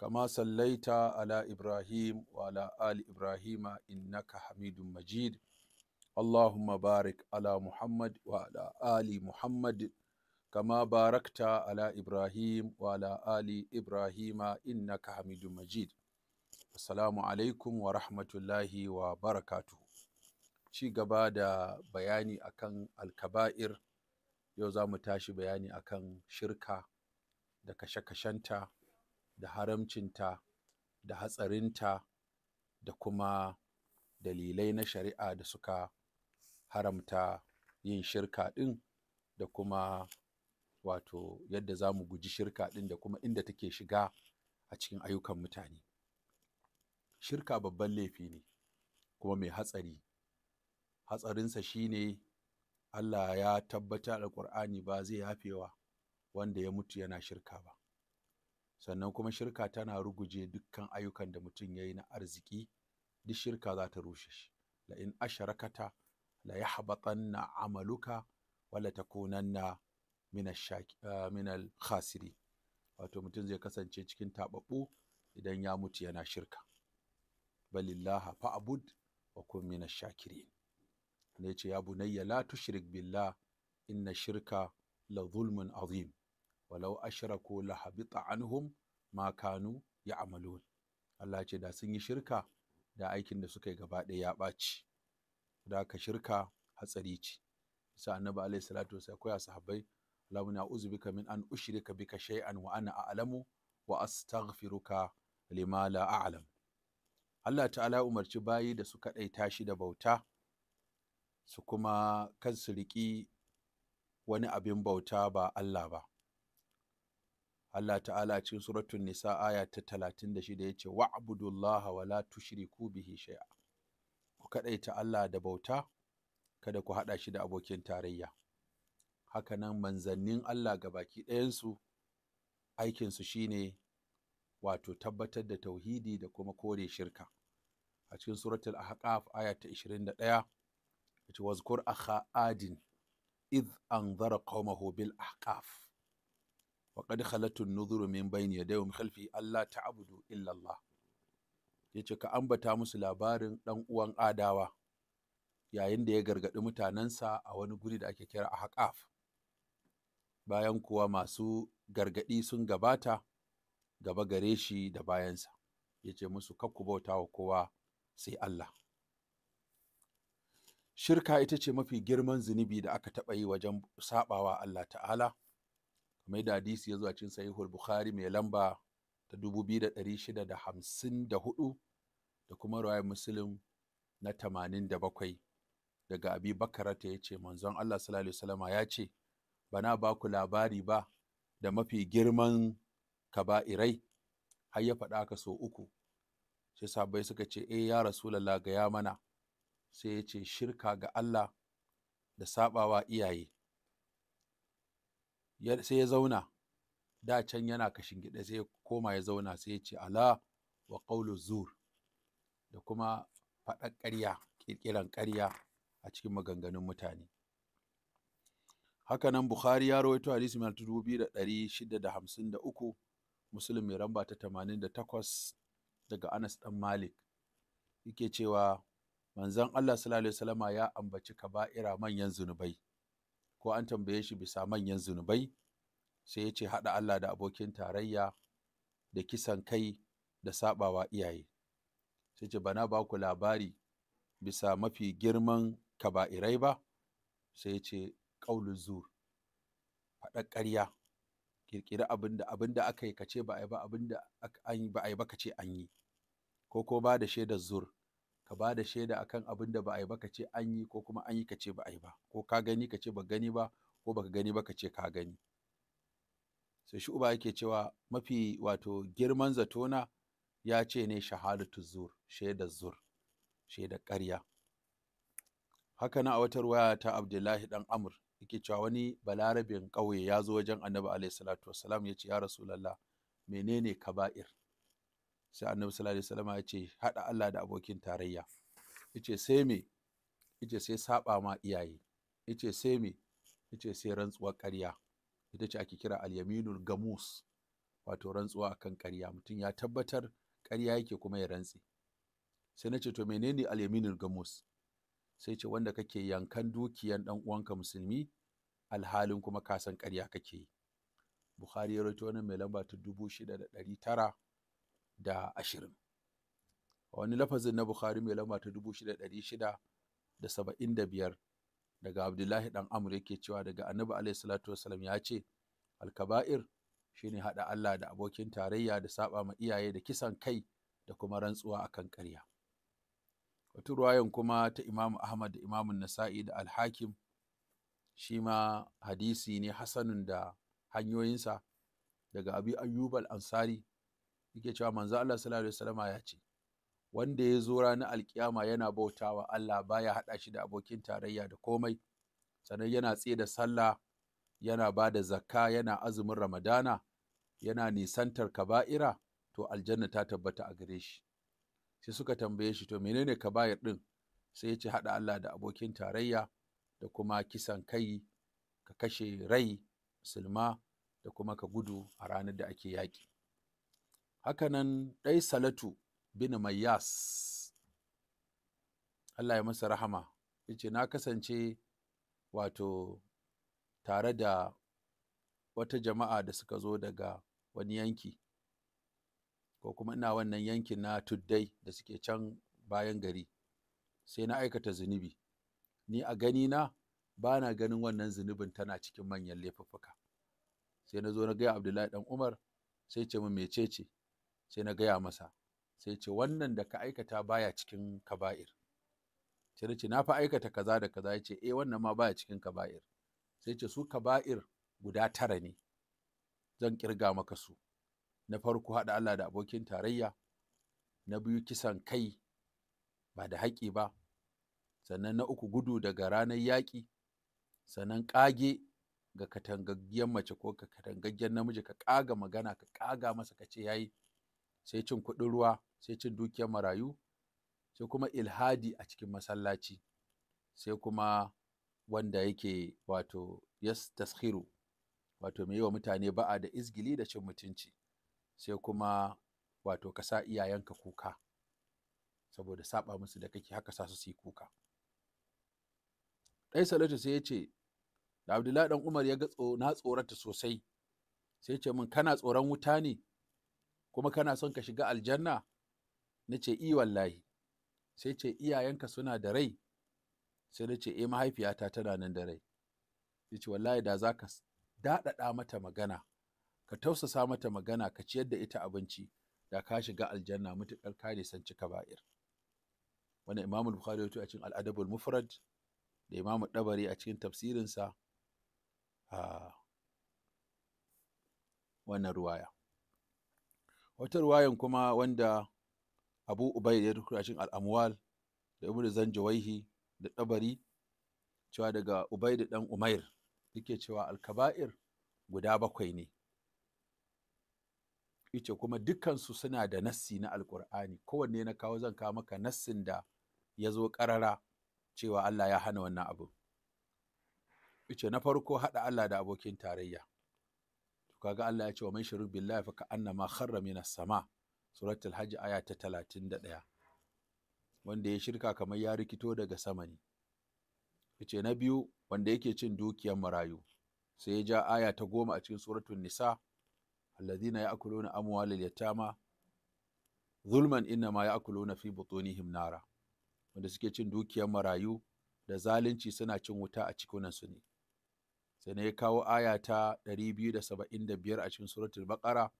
كما صليت على إبراهيم وعلى آل إبراهيم إنك حميد مجيد اللهم بارك على محمد وعلى آل محمد كما باركت على إبراهيم وعلى آل إبراهيم إنك حميد مجيد السلام عليكم ورحمة الله وبركاته ci gaba da bayani akan alkaba'ir yau za mu tashi bayani akan shirka da kashe-kashenta da haramcinta da hatsarinta da kuma dalilai na shari'a da suka haramta yin shirka ɗin da kuma wato yadda za mu guji shirka ɗin da kuma inda take shiga a cikin ayyukan mutane. Shirka babban laifi ne kuma mai hatsari. Hatsarinsa shi ne Allah ya tabbatar da Ƙur'ani ba zai hafewa wanda ya mutu yana shirka ba. sannan kuma shirka tana ruguje dukkan ayyukan da mutum ya yi na arziki duk shirka za ta rushe shi la in asharakata la yahbatanna amaluka wala takunanna minal eh, khasiri wato mutum zai kasance cikin taɓaɓɓu idan ya mutu yana shirka balillaha abud wa kun minash shakirin ne ce ya bunayya la tushrik billah inna shirka la zulmun azim walau ashraku la habita anhum ma kanu ya amalun Allah ce da sun yi shirka da aikin da suka yi gaba ya ɓaci da ka shirka hatsari ce sa annabi alaihi salatu wasallam koya sahabbai mun a'udhu bika min an ushrika bika shay'an wa ana a'lamu wa astaghfiruka lima la a'lam Allah ta'ala umarci bayi da suka ɗaita shi da bauta su kuma kan su riƙi wani abin bauta ba Allah ba Allah ta'ala cikin suratun nisa aya ta talatin da shida, yace wa'budullaha wa la tushriku bihi shay'a ku ta Allah da bauta kada ku haɗa shi da abokin tarayya haka nan manzannin Allah ga baki ɗayansu aikinsu shine wato tabbatar da tauhidi da kuma kore shirka a cikin suratul ahqaf aya ta 21 yace wazkur akha adin idh anzara qaumahu bil ahqaf wa halattun nuzuru min ya yadayhi min Allah ta abudu illallah, ya yace ka ambata musu labarin ɗan uwan adawa yayin da ya gargaɗi mutanensa a wani guri da ake kira a haƙaf bayan kuwa masu gargaɗi sun gabata gaba gare shi da bayansa yace musu kakku bauta wa kowa sai Allah shirka ita ce mafi girman zunubi da aka taɓa yi wajen saɓawa Allah ta'ala mai da hadisi ya zuwa cin sahihul bukhari mai lamba ta 2654 da kuma rawayar muslim na 87 daga abi bakarata ya ce manzon allah sallallahu alaihi ya ce bana ba ku labari ba da mafi girman kaba'irai har ya faɗa ka so uku sai sabai suka ce e ya rasu rasulallah gaya mana sai ya ce shirka ga allah da sabawa iyaye sai ya zauna da can yana kashin gida sai ya koma ya zauna sai ya ce ala wa qawlu zur da kuma faɗar ƙarya ƙirƙiran ƙarya a cikin maganganun mutane hakanan bukhari ya rawaito hadisi mai dubu biyu da ɗari shida mai ramba ta tamanin daga anas ɗan malik yake cewa manzon allah sallallahu alaihi ya ambaci kaba'ira manyan zunubai ko an tambaye shi bisa manyan zunubai sai ya ce haɗa Allah da abokin tarayya da kisan kai da saɓawa iyaye sai ce bana ba ku labari bisa mafi girman kaba'irai ba sai ya ce ƙaunin zur faɗa ƙarya ƙirƙiri abinda abinda aka yi kace ba a yi ba abinda an ba a yi ba kace an yi ko ko ba da shaidar zur ka ba da shaida akan abin da ba a yi ba ka ce an yi ko kuma an yi ka ce ba a yi ba ko ka gani ka ce ba gani ba ko baka gani ba ka ce ka gani sai shi uba yake cewa mafi wato girman zatona ya ce ne shahadatu zur shaidar zur shaidar ƙarya haka na a wata ruwaya ta abdullahi dan amr yake cewa wani balarabin ƙauye ya zo wajen annabi alaihi salatu wasalam ya ce ya rasulallah menene kaba'ir sai annabi sallallahu alaihi wasallam ya ce hada Allah da abokin tarayya yace sai me yace sai saba ma iyaye yace sai me yace sai rantsuwar ƙarya ita ce ake kira al-yaminul gamus wato rantsuwa akan ƙarya mutum ya tabbatar ƙarya yake kuma ya rantsi. sai na ce to menene al-yaminul gamus sai ce wanda kake yankan dukiyan dan uwanka musulmi alhalin kuma kasan ƙarya kake yi Bukhari ya rawaito wannan mai lamba ta dubu shida da ɗari tara da ashirin a wani lafazin na bukhari mai lamba ta dubu shida ɗari shida da saba'in da biyar daga abdullahi ɗan amur yake cewa daga annabi alaihi salatu wasalam ya ce alkaba'ir shi ne haɗa allah da abokin tarayya da saɓa ma iyaye da kisan kai da kuma rantsuwa a kan ƙarya wata ruwayan kuma ta Imam ahmad da Imam nasa'i da alhakim shi ma hadisi ne hasanun da hanyoyinsa daga abi ayyub al ansari yake cewa manzo Allah sallallahu alaihi wasallama ya ce wanda ya zo ranar alkiyama yana bautawa Allah baya haɗa shi da abokin tarayya da komai sannan yana tsaye da sallah yana ba da zakka yana azumin ramadana yana nisantar kaba'ira to aljanna ta tabbata a gare shi sai suka tambaye shi to menene kaba'ir din sai ya ce haɗa Allah da abokin tarayya da kuma kisan kai ka kashe rai musulma da kuma ka gudu a ranar da ake yaƙi hakanan ɗai salatu bin mayyas Allah ya masa rahama ya ce na kasance wato tare da wata jama'a da suka zo daga wani yanki ko kuma ina wannan yankin na tuddai da suke can bayan gari sai na aikata zunubi ni a gani na ba na ganin wannan zunubin tana cikin manyan laifuffuka sai na zo na gaya abdullahi dan umar sai ce min mecece sai na gaya masa sai ce wannan da ka aikata baya cikin kaba'ir sai na ce na fa aikata kaza da kaza ya ce e wannan ma baya cikin kaba'ir sai ce su kaba'ir guda tara ne zan kirga maka su na farko haɗa Allah da abokin tarayya na biyu kisan kai ba da haƙƙi ba sannan na uku gudu daga ranar yaƙi sannan ƙage ga katangaggen mace ko ka katangaggiyar namiji ka ƙaga magana ka ƙaga masa ka ce yayi sai cin kuɗin ruwa sai cin dukiyar marayu sai kuma ilhadi a cikin masallaci sai kuma wanda yake wato yas taskhiru wato mai yi wa mutane ba'a da izgili da cin mutunci sai kuma wato ka sa iyayenka kuka saboda saba musu da kake haka sa su yi kuka ɗai salatu sai ya ce da abdullahi dan umar ya ga na tsorata sosai sai ce min kana tsoron wuta ne kuma kana son ka shiga aljanna na ce i wallahi sai ce iyayenka suna da rai sai na ce e mahaifiyata tana nan da rai sai ce wallahi da za ka daɗaɗa mata magana ka tausasa mata magana ka ciyar da ita abinci da ka shiga aljanna mutuƙar ka cika ba'ir wani imamul bukhari ya a cikin al'adabul mufrad da imamu dabari a cikin tafsirinsa a ah, wannan ruwaya wata ruwayan kuma wanda abu ubai ya rubuta cikin al'amwal da ibnu zanjawaihi da tabari cewa daga ubai da ɗan umair yake cewa alkaba'ir guda bakwai ne ice kuma dukansu suna da nassi na alkur'ani kowanne na kawo zan kawo maka nassin da ya zo ƙarara cewa Allah ya hana wannan abu ice na farko haɗa Allah da abokin tarayya kaga Allah ya ce wa man shurik billahi fa ma kharra minas sama suratul hajj aya ta talatin da ɗaya. wanda ya shirka kamar ya rikito daga sama ne yace na biyu wanda yake cin dukiyar marayu sai ya ja aya ta goma a cikin suratun nisa alladhina ya'kuluna amwalal yatama zulman ma ya'kuluna fi butunihim nara wanda suke cin dukiyar marayu da zalunci suna cin wuta a cikin cikunansu ne sannan ya kawo aya ta biyar a cikin suratul baqara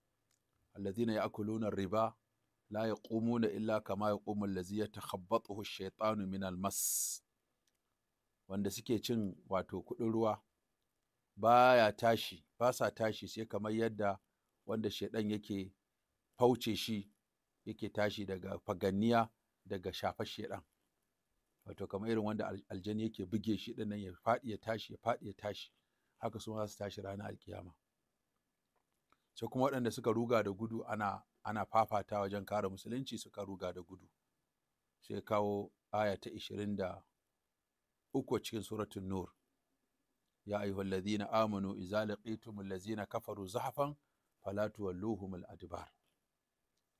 alladhina ya'kuluna riba la yaqumuna illa kama yaqumu allazi yatakhabbathu ash-shaytanu min al wanda suke cin wato kuɗin ruwa baya tashi ba sa tashi sai kamar yadda wanda shaidan yake fauce shi yake tashi daga faganniya daga shafar shaidan wato kamar irin wanda aljani yake buge shi nan ya faɗi ya tashi ya faɗi ya tashi haka su ma su tashi ranar alkiyama sai kuma waɗanda suka ruga da gudu ana ana fafata wajen kare musulunci suka ruga da gudu sai kawo aya ta 23 cikin suratun nur ya ayyuhal Ladina amanu idza laqitumul ladzina kafaru zahfan fala tuwalluhumul adbar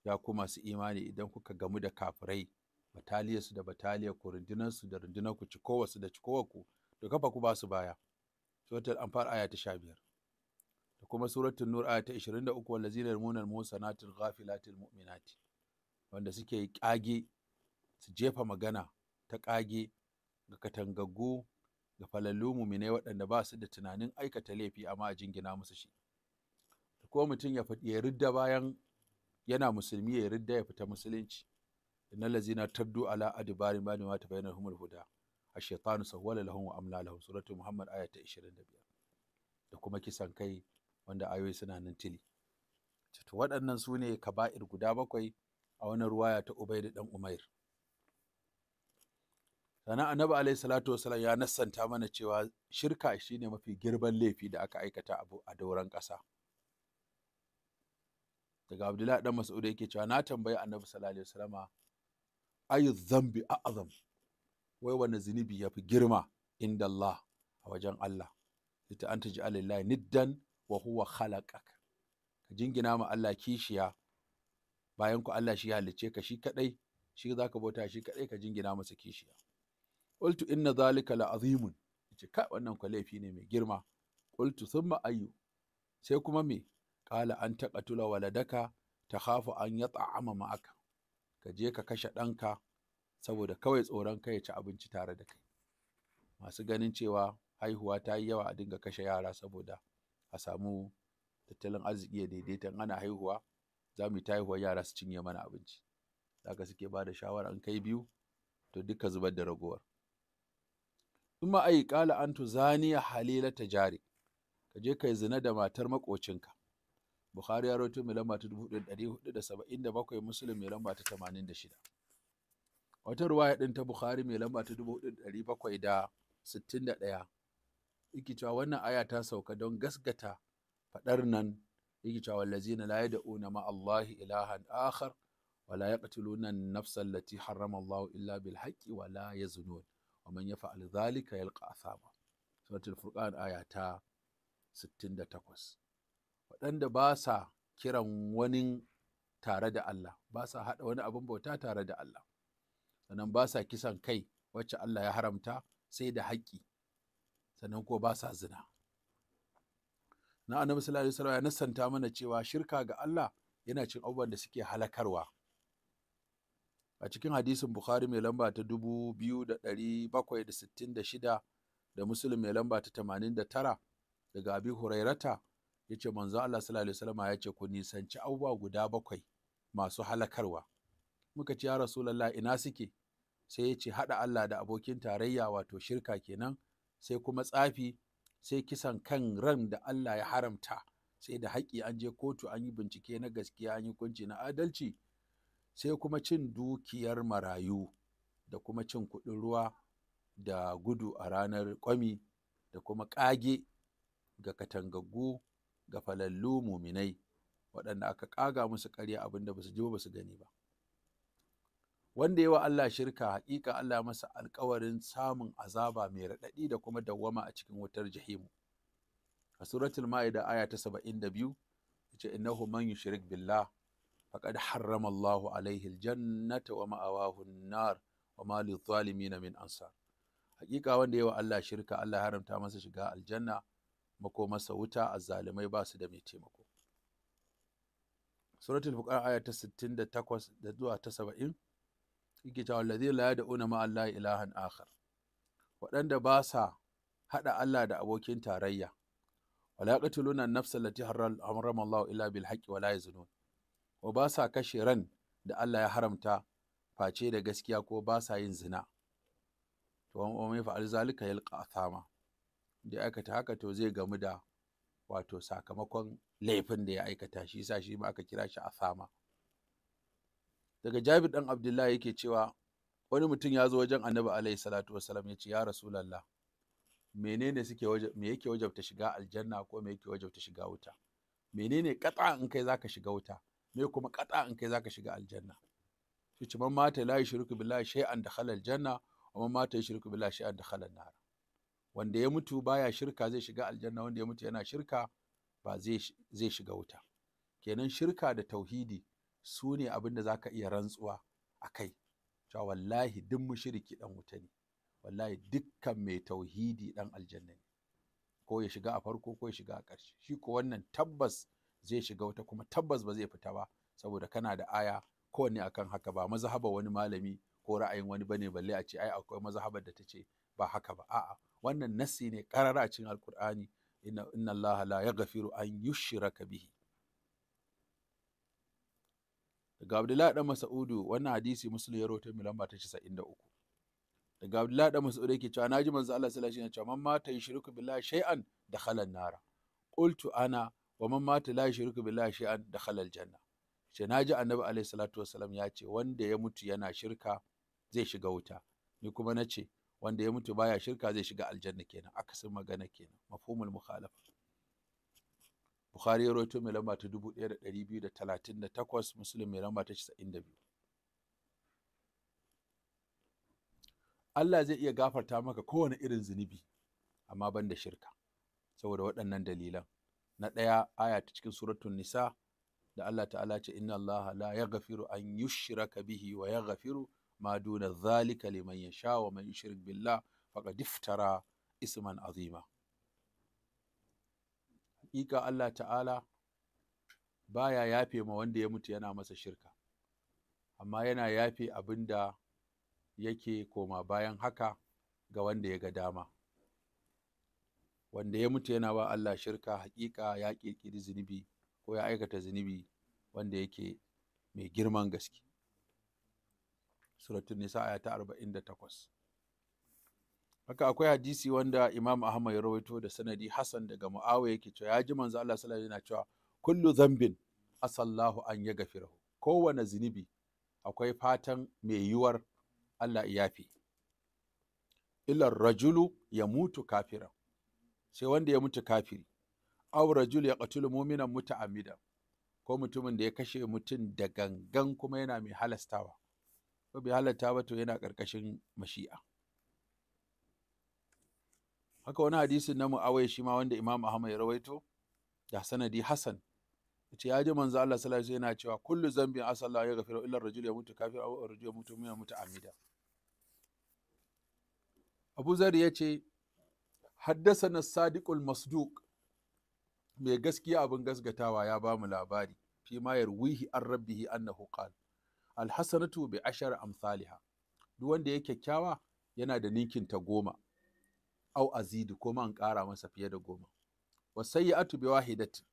ya kuma su imani idan kuka gamu da kafirai bataliyarsu da bataliya ku rundunar su da rundunar ku su da cikowar ku to kafa ku ba su baya suratul anfal aya ta sha biyar, da kuma suratul nur aya ta ishirin da munar na yarmunal muhsanatil ghafilatil mu'minati wanda suke kage su jefa magana ta kage ga katangaggu ga falallu muminai waɗanda ba su da tunanin aikata laifi amma a jingina musu shi da kuma mutum ya ya ridda bayan yana musulmi ya ridda ya fita musulunci innal lazina taddu ala adbari ma ta bayyana humul huda ash-shaytanu sawwala lahum wa amla lahum suratu muhammad aya ta 25 da kuma kisan kai wanda ayoyi suna nan tili to waɗannan sune kaba'ir guda bakwai a wani ruwaya ta da dan umair sannan annabi alayhi salatu wasalam ya nassanta mana cewa shirka shine mafi girban laifi da aka aikata abu a dauran ƙasa daga abdullahi dan mas'ud yake cewa na tambayi annabi sallallahu alaihi wasallama ayu dhanbi a'zam wai wani zunubi ya fi girma inda Allah a wajen Allah ita an taji Allah niddan wa huwa khalaqak ka jingina ma Allah kishiya bayan ku Allah shi halicce ka shi kaɗai, shi zaka bauta shi kaɗai ka jingina masa kishiya qultu inna zalika la azimun ce ka wannan ku laifi ne mai girma qultu thumma ayyu sai kuma me qala an taqatula waladaka takhafu an yata'ama ma'aka ka je ka kashe ɗanka saboda kawai tsoron kai ya ci abinci tare da kai masu ganin cewa haihuwa ta yi yawa a dinga kashe yara saboda a samu tattalin arziki ya daidaita in ana haihuwa za mu yi ta haihuwar yara su cinye mana abinci haka suke ba da shawara in kai biyu to duka zubar da ragowar Kuma ma ai kala an tu zaniya halila ta jari ka je kai zina da matar makocinka bukhari ya rawaito mai lamba ta 1477 muslim mai lamba ta 86 wata ruwaya din ta bukhari mai lamba ta 4761 yake cewa wannan aya ta sauka don gaskata fadar nan yake cewa wallazina la yad'una ma allahi ilahan akhar ولا يقتلون illa bil حرم الله إلا بالحق ولا يزنون ومن يفعل ذلك يلقى أثاما سورة الفرقان آياتا 68 waɗanda ba sa kiran wani tare da Allah ba sa haɗa wani abin bauta tare da Allah sannan ba sa kisan kai wacce Allah ya haramta sai da haƙƙi sannan ko ba sa zina na annabi sallallahu alaihi ya nasanta mana cewa shirka ga Allah yana cin abubuwan da suke halakarwa a cikin hadisin Bukhari mai lamba ta 2766 da Muslim mai lamba ta 89 daga Abi Hurairata yace manzo Allah sallallahu alaihi wasallam ya ce ku nisanci abubuwa guda bakwai masu halakarwa muka ce ya rasulullah ina suke sai ya ce haɗa Allah da abokin tarayya wato shirka kenan sai kuma tsafi sai kisan kan ran da Allah ya haramta sai da haƙƙi an je kotu an yi bincike na gaskiya an yi kunci na adalci sai kuma cin dukiyar marayu da kuma cin kuɗin ruwa da gudu a ranar kwami da kuma ƙage ga katangaggu ga falallu muminai waɗanda aka ƙaga musu ƙarya abinda ba su ji ba su gani ba. wanda yawa Allah shirka hakika Allah masa alkawarin samun azaba mai raɗaɗi da kuma dawwama a cikin wutar jahimu a suratul ma'ida aya ta 72 yace innahu man yushrik billah faqad harrama Allahu alayhi aljannata wa ma'awahu an-nar wa ma lidh-dhalimin min ansar haƙiƙa wanda yawa Allah shirka Allah haramta masa shiga aljanna mako masa wuta azzalimai ba su da mai taimako suratul fuqara aya ta 68 da zuwa ta 70 yake cewa wallazi la yad'una ma allah ilahan akhar waɗanda ba sa haɗa Allah da abokin tarayya wala yaqtuluna an nafs allati harrama Allah illa bil haqqi wala yaznun wa ba sa kashe ran da Allah ya haramta face da gaskiya ko ba sa yin zina to wa mai fa'al zalika yalqa athama da aikata haka to zai gamu da wato sakamakon laifin da ya aikata shi yasa shi ma aka kira shi athama daga jabir dan abdullahi yake cewa wani mutum ya zo wajen annabi alaihi salatu wasalam ya ce ya rasulallah menene suke me yake wajabta shiga aljanna ko me yake wajabta shiga wuta menene kat'a in kai zaka shiga wuta me kuma kat'a in kai zaka shiga aljanna shi ce man mata la yushriku billahi shay'an dakhala aljanna wa man mata yushriku billahi shay'an dakhala an-nar wanda ya mutu baya shirka zai shiga aljanna wanda ya mutu yana shirka ba zai zai shiga wuta kenan shirka da tauhidi su ne abin da za ka iya rantsuwa a kai cewa wallahi duk mushiriki dan wuta ne wallahi dukkan mai tauhidi dan aljanna ne ko ya shiga a farko ko ya shiga a ƙarshe shi ko wannan tabbas zai shiga wata kuma tabbas ba zai fita ba saboda kana da aya kowanne akan haka ba mazhaba wani malami ko ra'ayin wani bane balle a ce ai akwai mazhabar da ta ce ba haka ba a'a wannan nassi ne karara a cikin alkur'ani inna allaha la yaghfiru an yushraka bihi daga abdullahi dan mas'udu wannan hadisi muslim ya rawaito mai lamba ta 93 daga abdullahi dan masa'udu yake cewa naji manzo Allah sallallahu alaihi wasallam cewa man mata yushriku billahi shay'an dakhala an-nara qultu ana wa man mata la yushriku billahi shay'an dakhala al-janna ce naji annabi alaihi salatu wasallam ya ce wanda ya mutu yana shirka zai shiga wuta ni kuma na ce wanda ya mutu baya shirka zai shiga aljanna kenan akasin magana kenan mafhumul mukhalafa Bukhari ya rawaito mai lamba ta dubu ɗaya da da da ɗari biyu talatin takwas Muslim mai lamba ta da biyu. Allah zai iya gafarta maka kowane irin zunubi amma ban da shirka saboda waɗannan dalilan na ɗaya aya ta cikin suratun nisa da Allah ta'ala ce inna Allah la yaghfiru an yushraka bihi wa gafiru ma duna zalika liman yasha wa man yushrik billah faqad iftara isman azima haƙiƙa Allah ta'ala baya yafe ma wanda ya mutu yana masa shirka amma yana yafe abin da yake koma bayan haka ga wanda ya ga dama wanda ya mutu yana ba Allah shirka haƙiƙa ya ƙirƙiri zunubi ko ya aikata zunubi wanda yake mai girman gaske suratul nisa aya ta takwas. haka akwai hadisi wanda Imam Ahmad ya rawaito da sanadi Hassan daga Muawiya yake cewa ya ji manzo Allah sallallahu alaihi yana cewa kullu Zanbin, asallahu an ya gafira kowane zunubi akwai fatan mai yiwuwar Allah ya yafi illa rajulu ya mutu kafira sai wanda ya mutu kafiri aw Rajulu ya qatulu mu'minan muta'ammidan ko mutumin da ya kashe mutum da gangan kuma yana mai halastawa ko bai halatta ba to yana ƙarƙashin mashi'a haka wani hadisin na mu'awai shi ma wanda imam ahmad ya rawaito da sanadi hasan yace ya ji manzo Allah sallallahu alaihi yana cewa kullu zambin asallahu ya gafiru illa rajul ya mutu kafir aw rajul ya mutu mu'min Amida. Abu Zar yace haddasana sadiqul masduq mai gaskiya abin gaskatawa ya bamu labari fi ma yarwihi an rabbihi annahu qala alhasanatu bi ashar amsalha duk wanda ya kyakkyawa yana da ninkin ta goma au azidu ko man ƙara masa fiye da goma wa sayyi'atu bi wahidat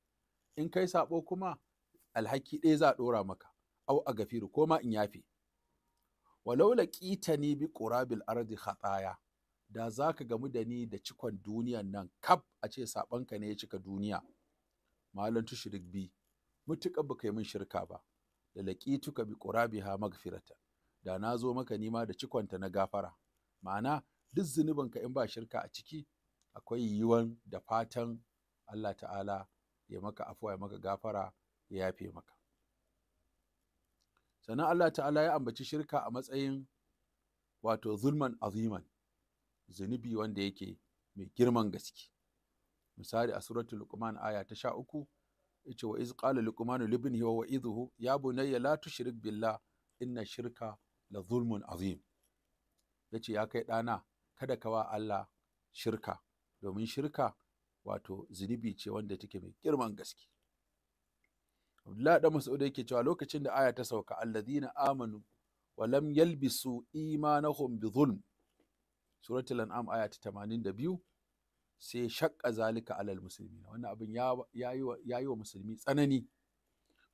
in kai sabo kuma alhaki ɗaya za a ɗora maka au a gafiru ko ma in yafe walau ni bi qurabil ardi khataya da za ka gamu da ni da cikon duniyan nan kaf a ce saɓanka ne ya cika duniya malam tushrik bi mutuƙa baka kai min shirka ba da laƙituka bi qurabiha magfirata da na zo maka nima da cikonta na gafara ma'ana duk zunubinka in ba shirka a ciki akwai yiwuwan da fatan Allah ta'ala ya maka afuwa ya maka gafara ya yafe maka sannan Allah ta'ala ya ambaci shirka a matsayin wato zulman aziman zunubi wanda yake mai girman gaske misali a suratul luqman aya ta sha uku yace wa iz qala luqmanu ibnihi wa wa'izuhu ya bunayya la tushrik billah inna shirka la zulmun azim yace ya kai dana kada ka wa Allah shirka domin shirka wato zunubi ce wanda take mai girman gaske Abdullahi da Mas'ud yake cewa lokacin da aya ta sauka alladhina amanu wa lam yalbisu imanahum bi zulm suratul an'am aya ta 82 sai shakka zalika alal musulmi wannan abin ya yi wa musulmi tsanani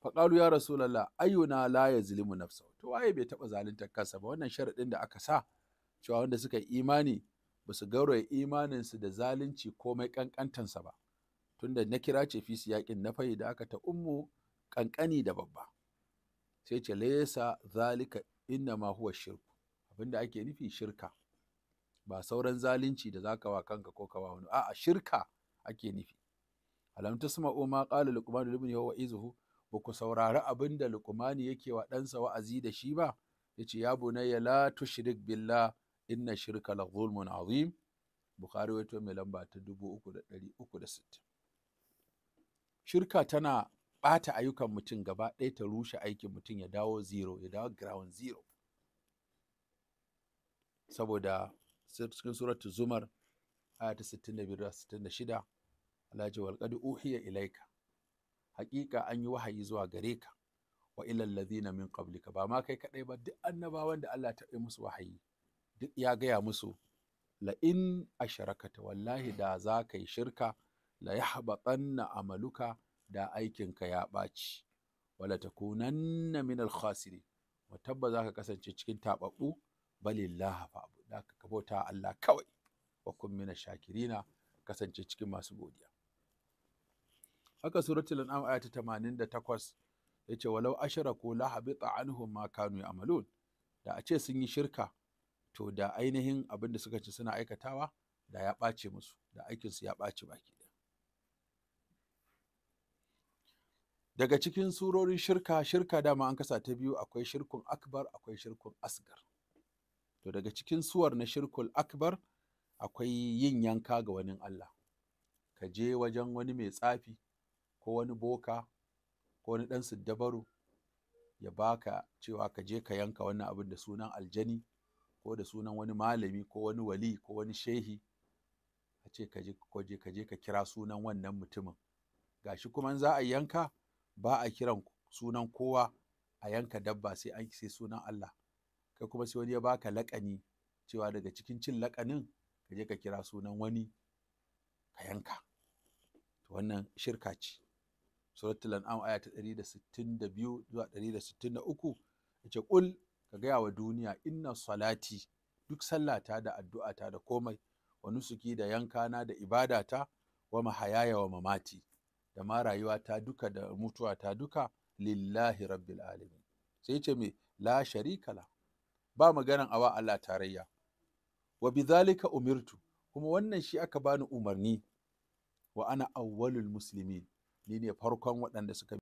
faƙalu ya rasulullah ayyuna la ya nafsahu to waye bai taɓa zaluntar kansa ba wannan sharaɗin da aka sa cewa wanda suka yi imani ba su gauraya imaninsu da zalunci komai kankantansa ba tunda na kira ce fi yakin na fahi da aka ta ummu kankani da babba sai ce lesa zalika inna ma huwa shirku abinda ake nufi shirka ba sauran zalunci da zaka wa kanka ko ka wa wani a'a shirka ake nufi alam o ma qala luqman ibn yahwa izuhu ba ku saurari abinda da yake wa ɗansa wa'azi da shi ba yace ya bunayya la tushrik billah inna shirka la zulmun azim bukhari wato mai lamba ta 3360 shirka tana bata ayyukan mutum gaba ɗaya ta rushe aikin mutum ya dawo zero ya dawo ground zero saboda cikin suratul zumar aya ta 65 da 66 alhaji wal uhiya ilaika haƙiƙa an yi wahayi zuwa gare ka wa ilal ladina min qablika ba ma kai kadai ba duk annabawan da Allah ta yi musu wahayi duk ya gaya musu la'in a sharakata wallahi da za ka yi shirka la ya haɓaɓanna amaluka da aikinka ya ɓaci wala ta na min khasiri wa tabba za ka kasance cikin taɓaɓɓu fa abu da ka ta Allah kawai wa kun mina shakirina kasance cikin masu godiya haka suratul an'am aya ta 88 yace walau ashraku la habita anhum ma kanu amalun da a ce sun yi shirka to da ainihin abin da suka ce suna aikatawa da ya ɓace musu da aikinsu ya ɓace baki ɗaya daga cikin surorin shirka shirka dama an kasa ta biyu akwai shirkun akbar akwai shirkun asgar to daga cikin suwar na shirkul akbar akwai yin yanka ga wani Allah ka je wajen wani mai tsafi ko wani boka ko wani ɗan siddabaru ya baka cewa ka je ka yanka wannan abin da sunan aljani ko da sunan wani malami ko wani wali ko wani shehi a ce kaje je ka kira sunan wannan mutumin gashi kuma za a yanka ba a kiran sunan kowa a yanka dabba sai an sai sunan Allah kai kuma sai wani ya baka laƙani cewa daga cikin cin laƙanin ka je ka kira sunan wani ka yanka to wannan shirka ce suratul an'am aya ta 162 zuwa 163 yace qul ka gaya wa duniya inna salati duk sallata da addu'ata da komai wa nusuki da yankana da ibadata wa mahayaya wa mamati da ma ta duka da mutuwata duka lillahi rabbil alamin sai ce me la sharika la ba maganan awa Allah tarayya wa bidhalika umirtu kuma wannan shi aka bani umarni wa ana awwalul muslimin ni ne farkon waɗanda suka